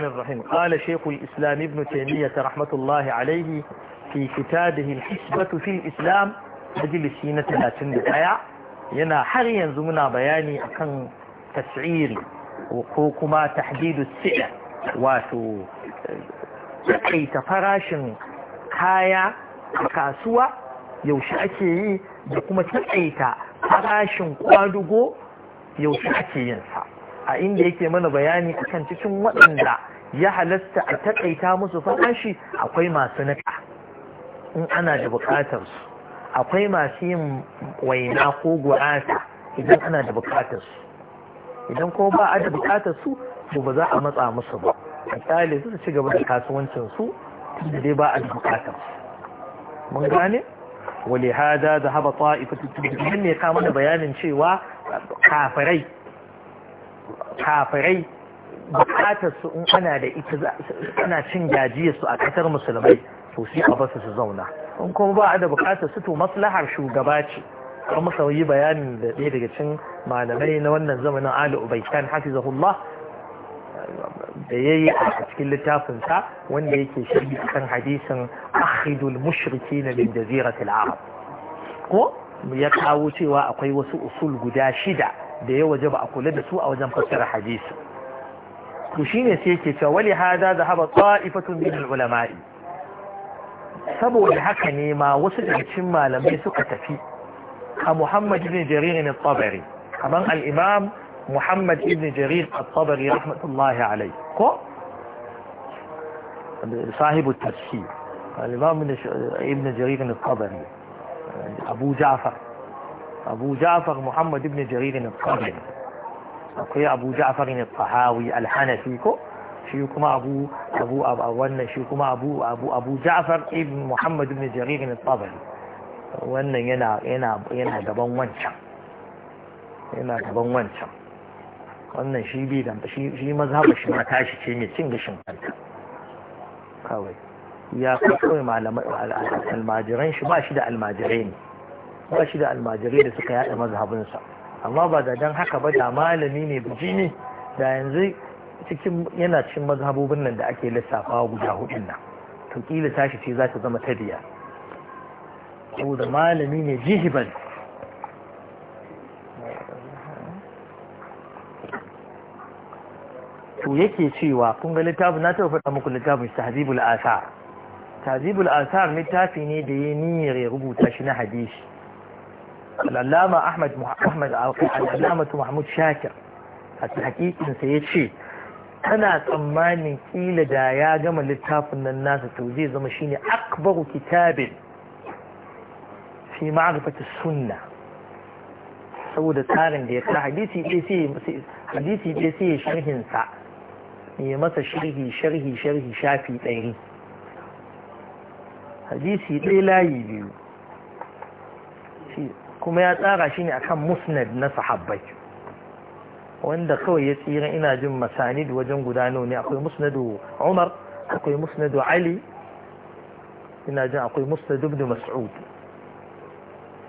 الرحمن الرحيم قال شيخ الإسلام ابن تيمية رحمة الله عليه في كتابه الحسبة في الإسلام أجل سينة لاتن بقايا ينا حريا زمنا بياني أكن تسعير وقوكما تحديد السئة واتو كي تفراش كايا كاسوة يوشأكي يقوم تقيت فراشن قادقو يوشأكي ينسى a inda yake mana bayani akan cikin waɗanda ya halasta a taƙaita musu fahashi akwai masu naka in ana da buƙatar akwai masu yin waina ko gurasa idan ana da buƙatar idan ko ba a da buƙatar su to ba za a matsa musu ba a kyale su ci gaba da kasuwancinsu, su da dai ba a da buƙatar su mun gane hada da ذهب طائفة التجربين ne kama mana bayanin cewa kafirai kafirai bukatar su in ana da ita ana cin gajiyar su a ƙasar musulmai to shi a basu su zauna in kuma ba a da bukatar su to maslahar shugaba ce kuma sau yi bayanin da ɗaya daga cin malamai na wannan zamanin Ali Ubaikan hafizahullah da ya yi a cikin littafinsa wanda yake shirgi kan hadisin akhidul mushriki na min jaziratul arab ko ya kawo cewa akwai wasu usul guda shida da ya waje ba a kula da su a wajen fassara hadisi to shine sai yake cewa wali hada zahaba ta'ifatun min ulama'i saboda haka ne ma wasu daga cikin malamai suka tafi a Muhammad ibn Jarir ne tabari kaman al-Imam Muhammad ibn Jarir at-Tabari rahmatullahi alayhi ko al-imam ibn jarir جرير الطبري أبو جعفر abu ja'afar muhammad ibn jaririn al-qadim akwai abu ja'afar ne al-hanafi ko shi kuma abu abu ibn muhammad ibn jaririn al-qadim wannan yana gaban wancan wannan shi bi da shi ma tashi ce ne cin gashin kanta kawai ya kai kawai malamai shi ba shi da almajirai ne ba shi da almajirai da suka yada mazhabinsa amma ba da dan haka ba da malami ne ne da yanzu cikin yana cikin mazhabobin nan da ake lissafa guda hudun nan to kila tashi ce za ta zama ta ko da malami ne jihibal to yake cewa kun ga littafin na taɓa faɗa muku littafin tahzibul asar tahzibul asar littafi ne da ya niyyar ya rubuta shi na hadisi العلامة أحمد محمد العلامة محمود شاكر حكيت من سيد شي أنا أتأماني إلى دايا قم الكتاب من الناس التوزيع زمشيني أكبر كتاب في معرفة السنة سودة تارن ديك حديثي ديسي حديثي ديسي شرح انسع يمس شرح شرح شرح شافي تيري حديثي ديلاي بيو kuma ya tsara shi ne akan musnad na sahabbai wanda kawai ya tsira ina jin masanid wajen gudano ne akwai musnadu umar akwai musnadu ali ina jin akwai musnadu ibn mas'ud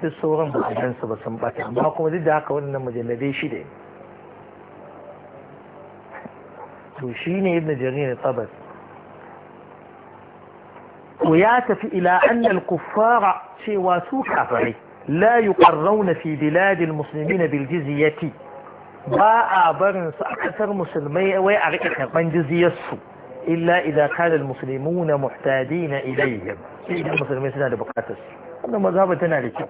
duk sauran ba a gansu ba san bata amma kuma duk da haka wannan mujalladai shida ne to shi ne ibn jarir tabas ya tafi ila annal kuffara cewa su kafirai La'yu yuqarrauna fi biladil na bil ba a barin su a kasar musulmai wai a rike karban jizyar su illa idza kana al muslimuna muhtadina ilayhim idan musulmai suna da bukatar su wannan mazhaba tana da kyau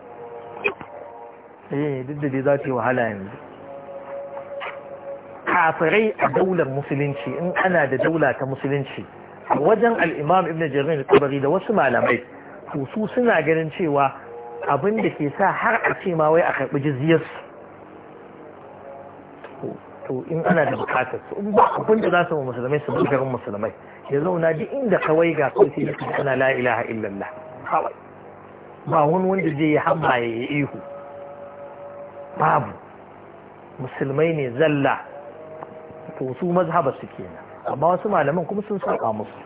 eh duk da yi wahala yanzu kafirai a daular musulunci in ana da daula ta musulunci wajen al'imam ibn jirgin da tabari da wasu malamai to suna ganin cewa abin da ke sa har a ce ma wai a karɓi jizyarsu to in ana da bukatar su in ba abin da za su mu musulmai su garin musulmai ya zauna duk inda kawai ga kawai sai ka kana la ilaha illallah kawai ba wani wanda zai yi hamma ya yi ihu babu musulmai ne zalla to su mazhaba su kenan amma wasu malaman kuma sun saba musu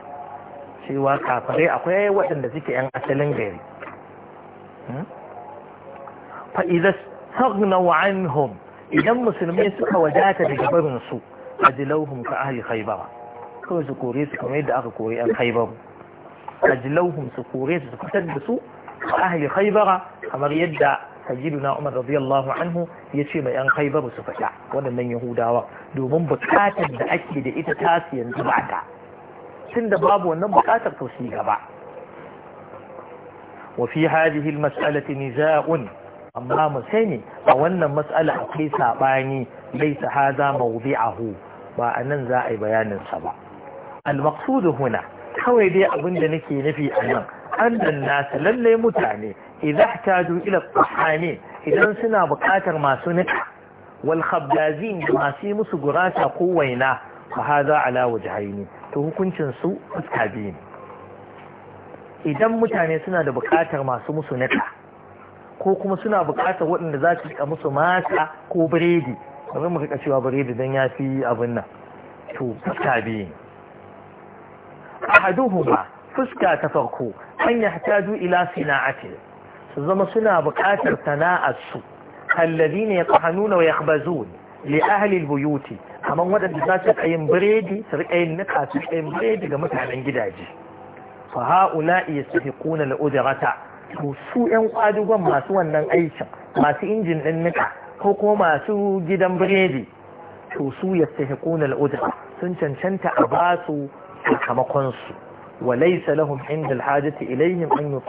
cewa kafare akwai waɗanda suke yan asalin gari Hmm? fa idza sagnaw idan musulmi suka wadata daga barin su ajlauhum ka ahli kawai su kore su kamar yadda aka kore an khaybar ajlauhum su kore su su fitar da su ka ahli khaybar kamar yadda na umar radiyallahu anhu ya ce mai an haibaru su fada waɗannan yahudawa domin bukatar da ake da ita tasu yanzu ba ta tunda babu wannan bukatar to su gaba وفي هذه المسألة نزاع أما مسيني maubi مسألة أكي ساباني ليس هذا موضعه yi زاعي بيان سبع المقصود هنا kawai dai abin da nake nufi a nan annan nasu lallai mutane idan ihtaju ila tsahane idan suna bukatar masu nika wal khabdazin da masu musu gurasa ko waina fa hada ala wajhaini ta hukuncin su fuska idan mutane suna da bukatar masu musu nika ko kuma suna bukatar waɗanda za su rika musu masa ko biredi kamar mu rika cewa biredi don ya fi abin nan to fuska biyu ahaduhuma fuska ta farko an yahtaju ila sina'ati su zama suna bukatar sana'ar su alladhina yaqhanuna wa yakhbazun li ahli albuyuti kamar waɗanda za su rika yin biredi su rika yin nika su rika biredi ga mutanen gidaje fahauna isa hikuna na udirata to su yan kwadugon masu wannan aikin masu injin ɗin nika ko kuma masu gidan biredi to su ya sa hikuna na udira sun cancanta a basu su sakamakon su walai salahun inda alhajati ilayhim an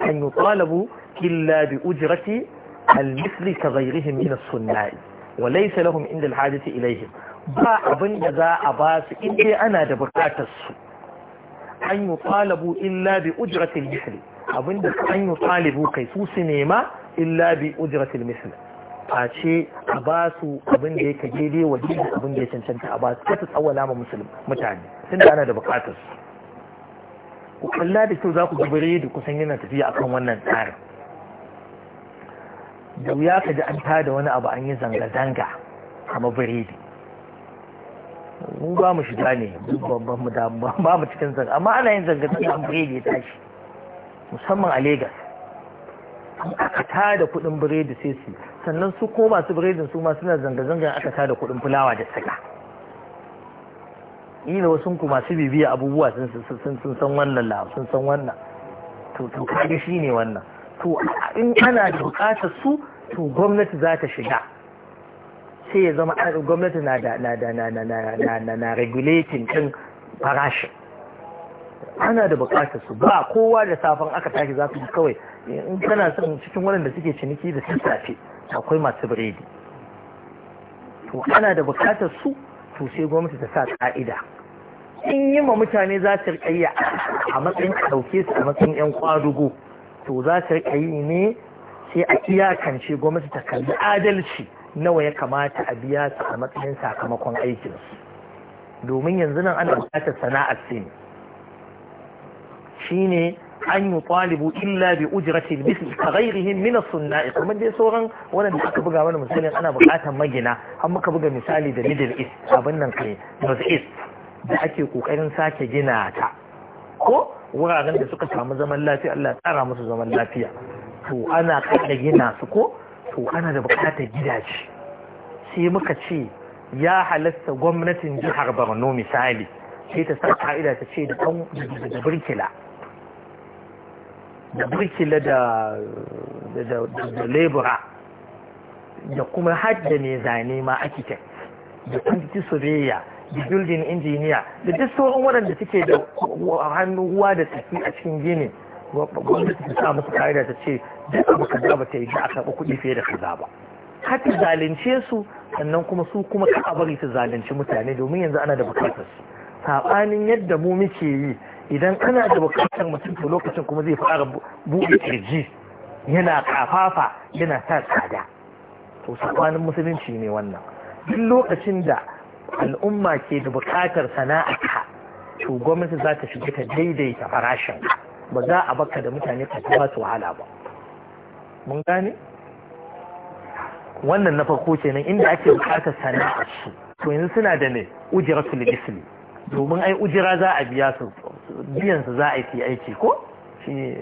an yi talabu illa bi ujirati almisli ka zairihim yi na walai salahun inda alhajati ilayhim ba abin da za a ba su ana da bukatar su an yi talibu illa bi ujratil misli abinda an yi talibu kai su su nema illa bi ujratil misli a ce a ba su abin da yake daidai wa abin da ya cancanta a ba su kasa tsawala ma musulmi mutane tun da ana da bukatar ku kalla da kyau za ku ga biredi kusan yana tafiya akan wannan tsarin da wuya ka ji an tada wani abu an yi zanga-zanga kama biredi mu ba mu shiga ne mu ba mu cikin zanga amma ana yin zanga zanga biredi ya tashi musamman a Legas an aka tada kudin biredi sai su sannan su ko masu biredin su ma suna zanga zanga aka tada kudin fulawa da siga ila wasu ku masu bibiya abubuwa sun san wannan la sun san wannan to to shi shine wannan to in ana da bukatar su to gwamnati za ta shiga sai ya zama gwamnati na da na da na na na na na regulating ɗin farashi. ana da bukatar su ba kowa da safan aka tashi za su kawai in kana son cikin waɗanda suke ciniki da sassafe akwai masu biredi to ana da bukatar su to sai gwamnati ta sa ka'ida in yi ma mutane za su riƙa a matsayin a ɗauke su a matsayin 'yan kwadugo to za su riƙa yi ne sai a iyakance gwamnati ta kalli adalci nawa ya kamata a biya su a matsayin sakamakon aikinsu domin yanzu nan ana bukatar sana'ar sin shine an yi talibu illa bi ujratil bisl ka ghairihim min as-sunna'i kuma dai sauran waɗanda aka buga mana musulun ana bukatar magina an muka buga misali da middle east abin nan kai north east da ake kokarin sake gina ta ko wuraren da suka samu zaman lafiya Allah ya tsara musu zaman lafiya to ana kada gina su ko to ana da bukatar gidaje sai muka ce ya halatta gwamnatin jihar borno misali sai ta sa ka'ida ta ce da burkila birkila da birkila da lebura da kuma hadda mai zane ma architect da kwantiti surveyor da building engineer da duk sauran waɗanda suke da hannu ruwa da tafi a cikin gini gwamnati ta sa musu ka'ida ta ce duk abu ka zaba ta yi a karɓi kuɗi fiye da ka ba hatta zalunce su sannan kuma su kuma ka bari su zalunci mutane domin yanzu ana da bukatar su saɓanin yadda mu muke yi idan ana da bukatar mutum to lokacin kuma zai fara buɗe kirji yana kafafa yana sa tsada to saɓanin musulunci ne wannan duk lokacin da al'umma ke da bukatar sana'a to gwamnati za ta shiga ta daidaita farashin ba za a baka da mutane ka ba su wahala ba mun gane wannan na farko kenan inda ake bukatar sana'a su to yanzu suna da ne ujiratul isli domin ai ujira za a biya su biyan su za a yi aiki ko shi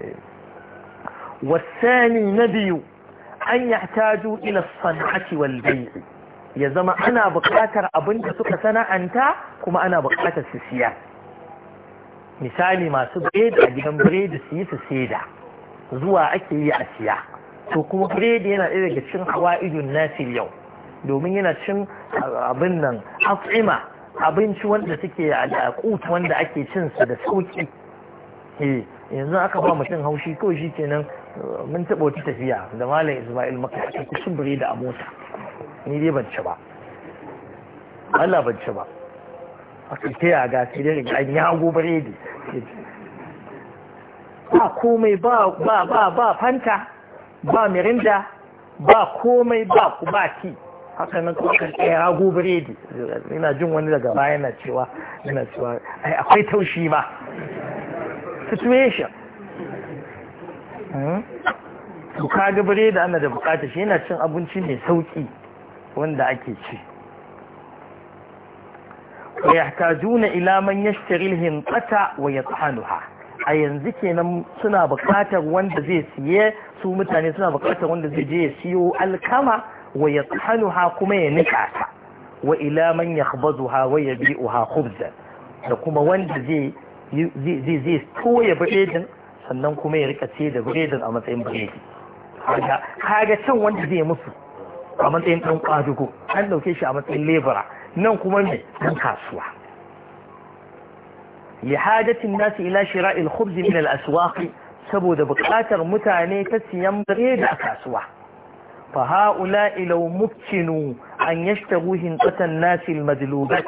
wasani na biyu an yahtaju ila sana'ati wal bai'i ya zama ana bukatar abin da suka sana'anta kuma ana bukatar su siya misali masu biredi a gidan biredi su yi su seda zuwa ake yi a siya to kuma biredi yana ɗaya daga cikin hawa'idun nasi yau domin yana cin abin nan af'ima abinci wanda suke a ƙuta wanda ake cin sa da sauki eh, yanzu aka ba mutum haushi kawai shi kenan uh, mun taɓa wata tafiya da malam ismail maka ake kusur biredi a mota ni dai ban ci ba Allah ban ci ba aka taya ga sai dai ga an yago biredi ba komai ba ba ba fanta ba mirinda ba komai ba ku ba na haka nan kuka rago biredi ina jin wani daga baya yana cewa yana cewa ai akwai taushi ba situation hmm? to kaga biredi ana da bukata shi yana cin abinci mai sauki wanda ake ci ويحتاجون إلى من يشتري الهنطة ويطحنها a yanzu kenan suna bukatar wanda zai siye su mutane suna bukatar wanda zai je ya siyo alkama wa ya ha kuma ya nika ta wa ila man yakhbazuha wa ha khubzan da kuma wanda zai zai toye toya biredin sannan kuma ya rika ce da biredin a matsayin biredi kaga can wanda zai musu a matsayin ɗan ƙwadugo an ɗauke shi a matsayin lebura nan kuma mai ɗan kasuwa lihajatin nasu ila shira'il khubzi min al-aswaqi saboda buƙatar mutane ta siyan biredi a kasuwa fa haula ila mubtinu an yashtaru hinqatan nasi al-madlubat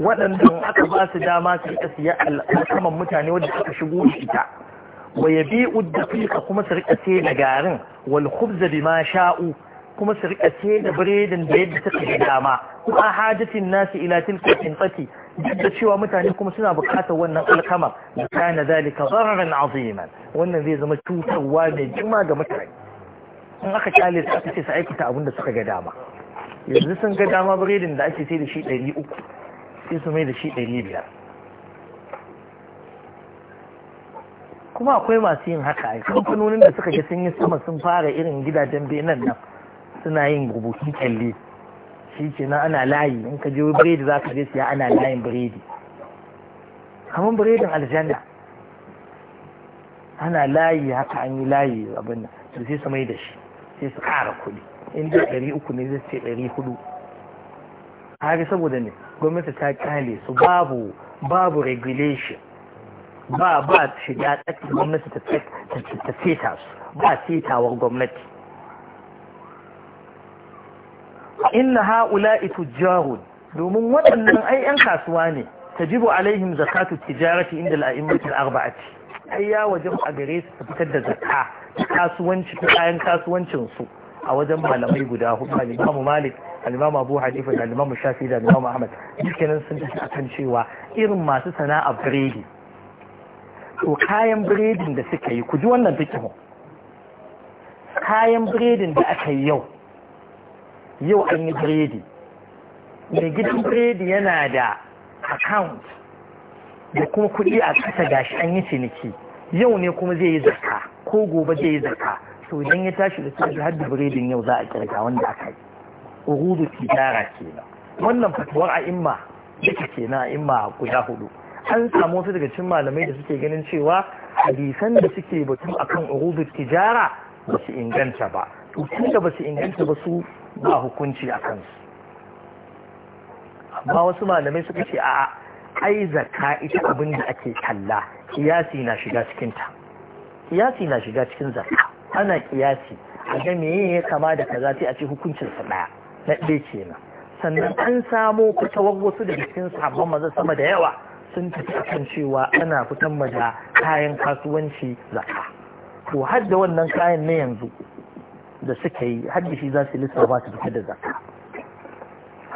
waɗanda aka ba su dama su rika siya al'akaman mutane wanda suka shigo da ita wa yabi'u daqiqa kuma su rika sai da garin wal khubza bima sha'u kuma su rika sai da biredin da yadda suka dama ko hajatin nasi ila tilka hinqati duk da cewa mutane kuma suna bukatar wannan alkama da kana zalika zararin aziman wannan zai zama cutarwa mai jima ga mutane in aka kyale su aka ce su aikata abin da suka ga dama yanzu sun ga dama biredin da ake sai da shi ɗari uku sai su mai da shi ɗari biyar kuma akwai masu yin haka a kamfanonin da suka ga sun yi sama sun fara irin gidajen benin nan suna yin rubutun kyalle shi ce na ana layi in ka je biredi za ka je siya ana layin biredi kamar biredin aljanna ana layi haka an yi layi abin da to sai su mai da shi sai su ƙara kuɗi in da ɗari uku ne zai ce ɗari hudu haka saboda ne gwamnati ta kyale su babu babu regulation ba ba shiga tsakin gwamnati ta feta su ba fetawar gwamnati inna ha'ula'i tujjarun domin waɗannan ai ƴan kasuwa ne Ta tajibu alaihim zakatu tijarati inda al'a'immatul arba'ati ai ya waje a gare su fitar da zakka kasuwanci ta kayan kasuwancin a wajen malamai guda hudu Alimamu Malik Alimamu imam Abu Hanifa da al Shafi da al Ahmad dukkanin sun tafi a kan cewa irin masu sana'a biredi to kayan biredin da suka yi ku ji wannan fikihun kayan biredin da aka yi yau yau an yi biredi mai gidan biredi yana da account da kuma kuɗi a ƙasa gashi an yi ciniki yau ne kuma zai yi zakka ko gobe zai yi zakka to idan ya tashi da sai har da biredin yau za a kirga wanda aka yi urudu tijara kenan wannan fatuwar a imma yake kenan a imma guda hudu an samu wasu daga cikin malamai da suke ganin cewa hadisan da suke batu akan urudu tijara ba su inganta ba to tun da ba su inganta ba su ba hukunci a kansu amma wasu malamai suka ce a ai zakka ita abin da ake kalla kiyasi na shiga cikin ta. kiyasi na shiga cikin zakka ana kiyasi a ga me ya kama da kaza sai a ce hukuncin sa daya na ɗaya kenan sannan an samo kutawar wasu da cikin sabon maza sama da yawa sun tafi kan cewa ana fitan da kayan kasuwanci zakka to har da wannan kayan na yanzu da suka yi haddashi za su lissa ba su fita da zakka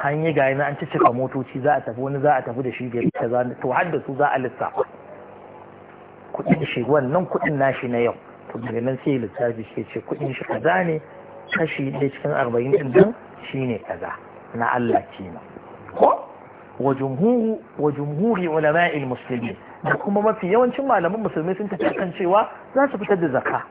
hanyar ga yana an ci cika motoci za a tafi wani za a tafi da shi gari ta zane to hadda su za a lissafa kuɗin shi wannan kuɗin nashi na yau to daga nan sai lissafi shi ce kuɗin shi kaza ne kashi ɗaya cikin arba'in ɗin nan shi ne kaza na Allah kenan ko wa jumhuru wa jumhuri ulama'il muslimin da kuma mafi yawancin malaman musulmi sun tafi kan cewa za su fitar da zakka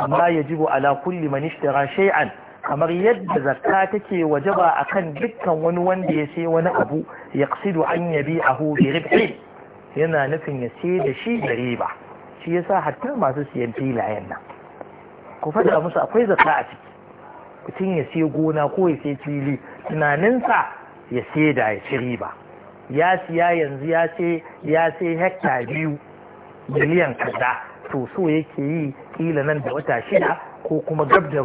amma yajibu ala kulli man ishtara shay'an kamar yadda zakka take wajaba akan dukkan wani wanda ya sai wani abu yaqsidu an yabi'ahu bi ribhi yana nufin ya sai da shi da riba shi yasa hatta masu siyan filayen nan ku fada musu akwai zakka a ciki mutum ya sai gona ko ya sai fili tunaninsa ya sai da ya riba ya siya yanzu ya sai ya sai hekta biyu miliyan kaza to so yake yi kila nan da wata shida ko kuma gab da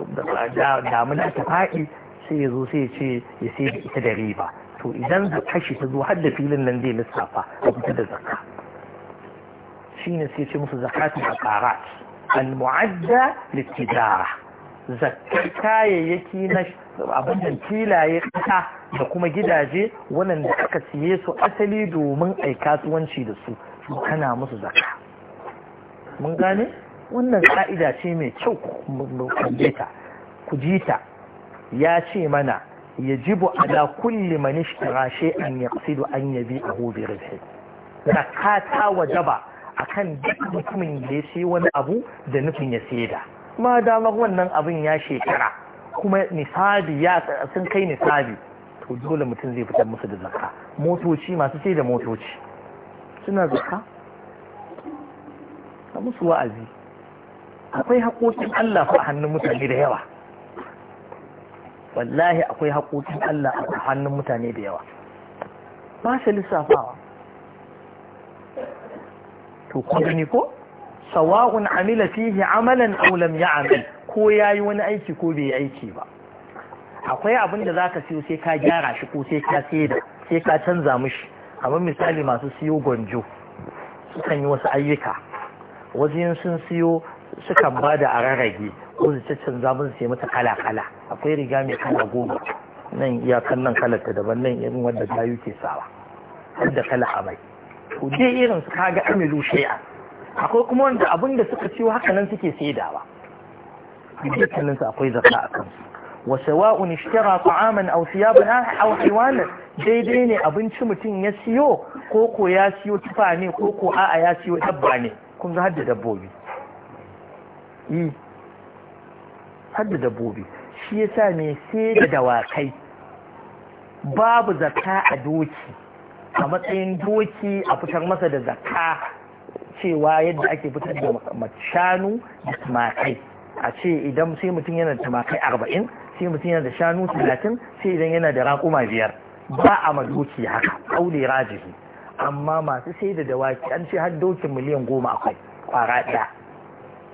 damuna ta faɗi sai ya zo sai ce ya sai da ita da riba to idan zakka kashi ta zo har da filin nan zai lissafa a fita da zakka shine sai ce musu a aqarat al mu'adda litijara zakkar kayayyaki na abinda filaye ƙasa da kuma gidaje da aka siye su asali domin ai kasuwanci da su kana musu zakka mun gane wannan ka'ida ce mai kyau kulleta ku ji ta ya ce mana ya yajibu ala kulli man an ya yaqsidu an ya bi a rizqi zakata a kan duk mutumin da ya sayi wani abu da nufin ya da. ma damar wannan abin ya shekara kuma nisabi ya sun kai nisabi to dole mutum zai fitar musu da zakka motoci masu sai da motoci suna zakka a musu wa'azi akwai haƙoƙin Allah fa hannun mutane da yawa wallahi akwai haƙoƙin Allah a hannun mutane da yawa ba shi lissafawa to kuma ni ko sawa'un amila fihi amalan aw lam ya'mal ko yayi wani aiki ko bai aiki ba akwai abin da zaka siyo sai ka gyara shi ko sai ka saida sai ka canza mishi amma misali masu siyo gonjo sukan yi wasu ayyuka wajen sun siyo sukan ba da ararage, rarrage ko su canza mun sai mata kala-kala akwai riga mai kala goma nan iyakan nan kalar ta daban nan irin wanda gayu ke sawa har da kala amai to dai irin su kaga amilu shay'a akwai kuma wanda abin da suka ciwo haka nan suke saidawa kallon su akwai zaka a kansu wa sawa'un ishtara ta'aman aw thiyaban aw haywanan daidai ne abinci mutum ya siyo ko ko ya siyo tufa ne ko ko a'a ya siyo dabba ne kun ga hadda dabbobi yi mm. hadda dabbobi shi ya sa mai sai da dawakai babu zaka a doki a matsayin doki a fitar masa da zaka cewa yadda ake fitar da shanu da tumakai a ce idan sai mutum yana da tumakai arba'in sai mutum yana da shanu talatin sai idan yana da raƙuma biyar ba a madoki haka ƙaule rajihi amma masu sai da dawaki an ce har dokin miliyan goma akwai kwara ɗaya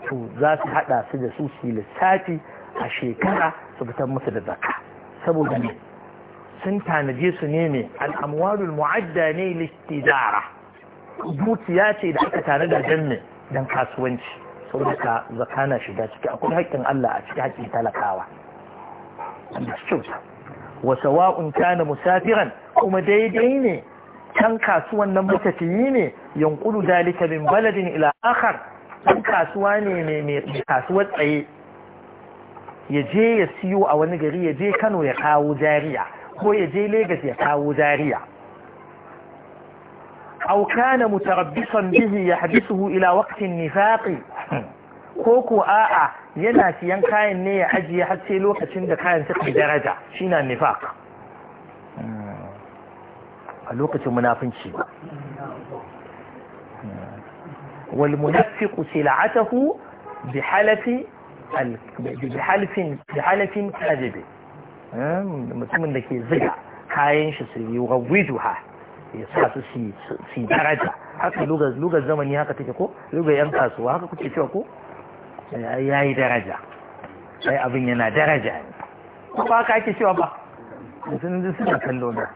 to za su haɗa su da su su lissafi a shekara su fitar musu da zaka saboda ne sun tanaje su ne ne al'amwarul mu'adda ne littijara dukiya ce da aka tare da janne don kasuwanci saboda ka zaka na shiga ciki akwai haƙƙin Allah a ciki haƙƙin talakawa wa sawa'un kana musafiran kuma daidai ne can kasuwan nan matafiyi ne yankulu dalika min baladin ila akhar ɗan kasuwa ne mai kasuwar tsaye ya je ya siyo a wani gari ya je kano ya kawo jariya ko ya je Legas ya kawo jariya aw kana mutarabbisan bihi ya hu ila waqtin nifaqi ko ko a'a yana siyan kayan ne ya ajiye har sai lokacin da kayan suka daraja shine nifaq hmm. a lokacin munafinci ba والمنفق سلعته بحالة بحالة بحالة كاذبة من ذلك الزرع كاين شسري يغوجها يصحص سي سي درجة هكا لغة لغة زمني هكا تيكو لغة ينقص وهكا يا درجة أي أبني درجة كوبا كاكي شو أبا سنة سنة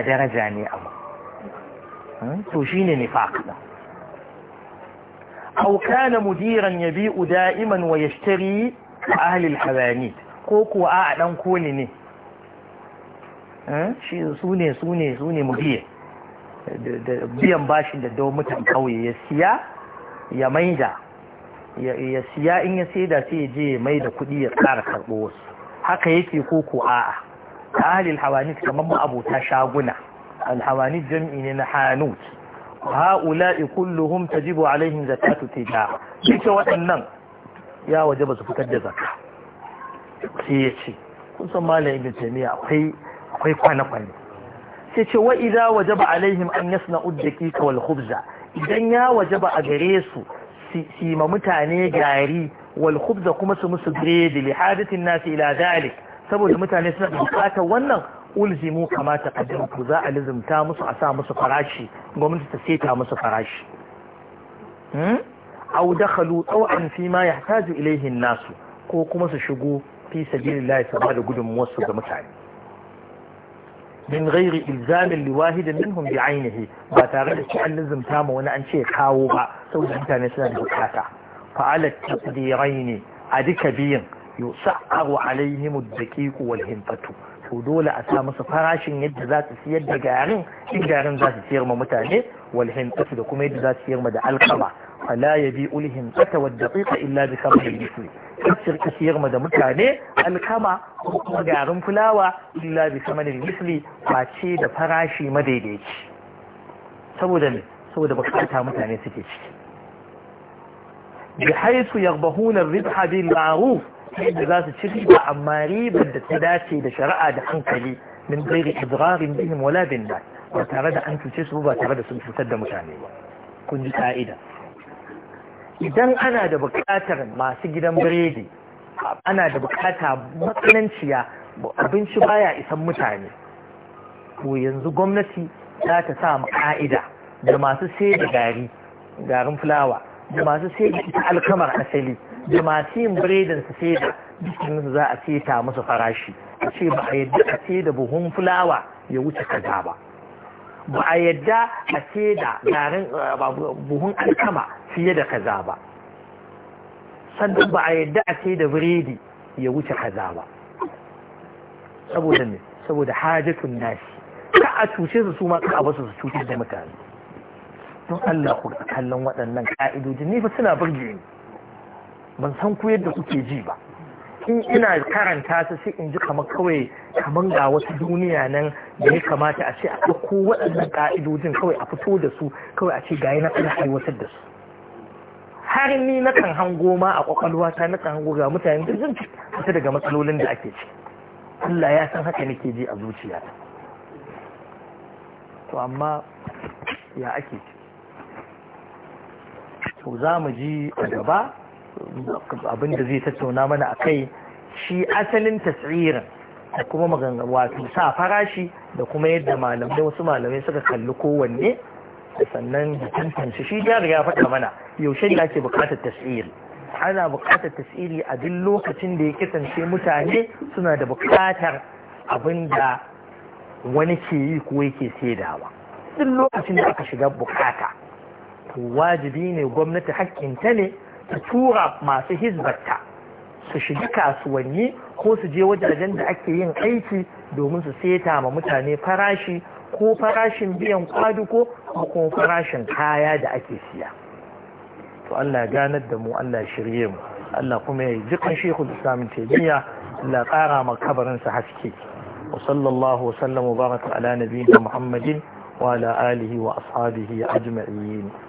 درجة أني يعني أبا Hmm? to shine nifaq da aw kana mudiran yabi'u da'iman wa yashtari ahli al-hawanit ko kuwa a dan koli ne hmm? shi sune sune sune mudir da biyan bashin da dawo mutan kauye ya siya ya maida ya siya in ya saida sai ya je ya maida kuɗi ya ƙara karɓo wasu haka yake ko ko a'a ahlil hawanit kamar ma abota shaguna alhawani jam'i ne na hanut ha'ula'i kulluhum tajibu alaihim zakatu tijara duka waɗannan ya waje ba su fitar da zakka sai ya ce kun san malam ibn taymiya akwai kwana kwana sai ce wa idza wajaba alaihim an yasna'u ad-daqiqa wal khubza idan ya wajaba a gare su sima mutane gari walhubza kuma su musu biredi li hadatin ila zalik saboda mutane suna bukatar wannan ulzimu kamata taqaddamu ku za a lizimta musu a sa musu farashi gwamnati ta seta musu farashi hmm? aw dakhalu taw'an fi ma yahtaju ilayhi nasu ko kuma su shigo fi sabilillah su da gudunmuwar su ga mutane min ghairi ilzamin li wahidin minhum bi ainihi ba tare da shi an lizimta ma wani an ce kawo ba saboda mutane suna da bukata fa'ala taqdiraini a duka biyin yusa'aru alaihimu ad-daqiq wal hinfatu to dole a sa musu farashin yadda za su siyar da garin in garin za su siyar ma mutane wal himtatu da kuma yadda za su siyar ma da alkama fala yabi'u al himtata wad daqiqa illa bi khamrin misli kasir ka siyar ma da mutane alkama ko kuma garin fulawa illa bi khamrin misli face da farashi madaidaici saboda me? saboda bukata mutane suke ciki bihaisu yarbahuna ar-ribha bil ma'ruf ta da za su ci riba amma ribar da ta dace da shari'a da hankali min gairi idrarin bihim wala bin ba tare da an cuce su ba tare da sun cutar da mutane ba kun ji ka'ida idan ana da bukatar masu gidan biredi ana da bukata matsananciya abinci baya isan mutane to yanzu gwamnati za ta sa ka'ida da masu sai da gari garin fulawa da masu sai ta alkamar asali da masu yin biredin su sai da dukkanin za a ta musu farashi a ce ba a yadda a sai da buhun fulawa ya wuce kaza ba ba a yadda a sai da garin eh, buhun alkama fiye da kaza ba sannan ba a yadda a sai da biredi ya wuce kaza ba saboda ne saboda hajatun nasi ka a cuce su su ma ka a basu su cutar da mutane don Allah ku kallon waɗannan ƙa'idojin ni fa suna burge ni ban san ku yadda kuke ji ba in ina karanta su sai in ji kamar kawai kamar ga wata duniya nan da ya kamata a ce a ɗauko waɗannan ƙa'idojin kawai a fito da su kawai a ce gayi na ana aiwatar da su har ni na kan hango ma a ƙwaƙwalwa ta na kan hango ga mutane da zan Wata daga matsalolin da ake ci Allah ya san haka nake ji a zuciya to amma ya ake ci to za mu ji a gaba abin da zai tattauna mana a kai shi asalin tasirin da kuma maganganu wato sa farashi da kuma yadda malamai wasu malamai suka kalli kowanne da sannan da tantance shi jari ya faɗa mana yaushe ne ake buƙatar tasiri ana buƙatar tasiri a duk lokacin da ya kasance mutane suna da buƙatar abin da wani ke yi ko yake saidawa duk lokacin da aka shiga buƙata wajibi ne gwamnati hakkinta ne ta tura masu hizbarta su shiga kasuwanni ko su je wajajen da ake yin aiki domin su seta ma mutane farashi ko farashin biyan kwaduko ko kuma farashin kaya da ake siya to Allah ganar da mu Allah shirye mu Allah kuma ya ji kan shekul taimiyya Allah ƙara ma sa haske wa sallallahu wasallam wa baraka ala nabiyina muhammadin wa ala alihi wa ashabihi ajma'in